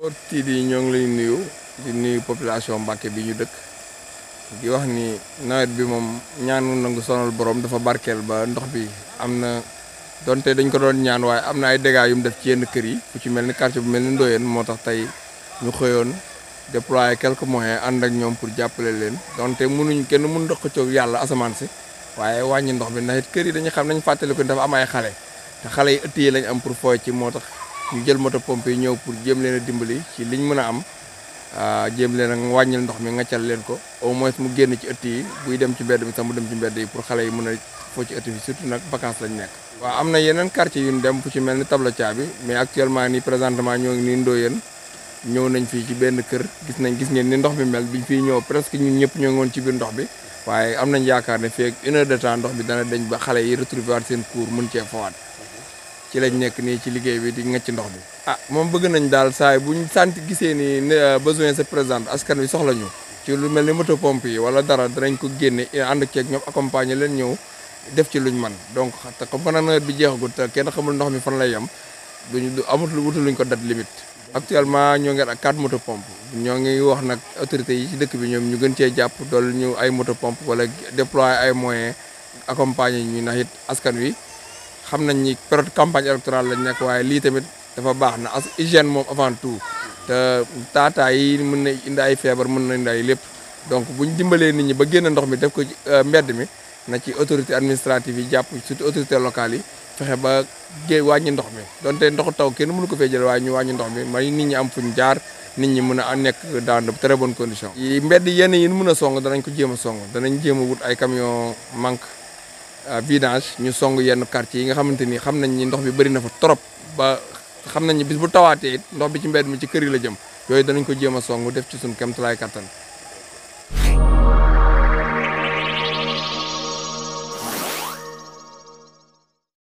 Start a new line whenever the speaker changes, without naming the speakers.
Mor TV ñoo ngi lay nuyu di nuyu population Mbàkke bi ñu dëkk di wax ni nawet bi moom ñaanu nangu sonal borom dafa barkeel ba ndox bi am na donte dañ ko doon ñaan waaye am na ay dégâts yu def ci yenn kër yi fu ci mel ni quartier bu mel ni Ndoyeen moo tax tey ñu xëyoon déployer quelques moyens ànd ak ñoom pour jàppale leen donte mënuñ kenn mën ndox coog yàlla asamaan si waaye wàññi ndox bi ndax it kër yi dañu xam nañ fàttali ko dafa am ay xale te yi lañ am pour fooy ci moo tax. ñu jël moto pompe yi ñëw pour jéem leen a dimbali ci liñ mën a am ah, jéem leen a wàññil ndox mi nga ngaccal leen ko au moins mu génn ci ëtt yi buy dem ci mbedd mi sax mu dem ci mbedd yi pour xale yi mun a foo ci surtout nag vacances lañ nekk. waaw am na yeneen quartier yu ñu dem fu ci mel ni Tablatia bi mais actuellement nii présentement ñoo ngi nii Ndoyeen ñëw nañ fii ci benn kër gis nañ gis ngeen ni ndox mi mel biñ fi ñëw presque ñun ñëpp ñoo ngi woon ci biir ndox bi waaye am nañ yaakaar ne fii ak une de temps ndox bi dana deñ ba xale yi retrouver waat seen mun mën cee fawaat ci lañ nekk nii ci liggéey bi di ci ndox bi ah moom bëgg nañ daal saay buñ sant gisee ni euh, besoin se présente askan wi soxla ñu ci lu mel ni moto pompe yi wala dara danañ ko génne ànd ceeg ñoom accompagner leen ñëw def ci luñ man donc te comme que nawet bi jeexagut te kenn xamul ndox mi fan lay yem duñu amut lu wutu luñ ko date limite actuellement ñoo ngi ak quatre moto pompe ñoo ngi wax nag autorité yi ci dëkk bi ñoom ñu gën cee jàpp dool ñu ay moto pompe wala déployer ay moyens accompagner ñu ndax askan wi xam nañ ni période campagne électorale lañ nekk waaye lii tamit dafa baax na as hygiène moom avant tout te yi mën na indi ay feebar mun na indi ay lépp donc buñ dimbalee nit ñi ba génn ndox mi def ko euh, mbedd mi na ci autorité administrative yi jàpp surtout autorité locale yi fexe ba gé wàññi ndox mi donte ndoxu taw kenn mënu ko fee jël waaye ñu wàññi ndox mi may nit ñi am fuñ jaar nit ñi mën a nekk daan de très bonnes conditions. yi mbedd yenn yi mun a song danañ ko jéem a song danañ jéem a wut ay camion manque vidange ñu song yenn quartier yi nga xamante ni xam nañ ni ndox bi bari na fa trop ba xam nañ ni bis bu tawaatee ndox bi ci mbedd mi ci kër yi la jëm yooyu danañ ko jéem a song def ci suñ kéemtalaay kattan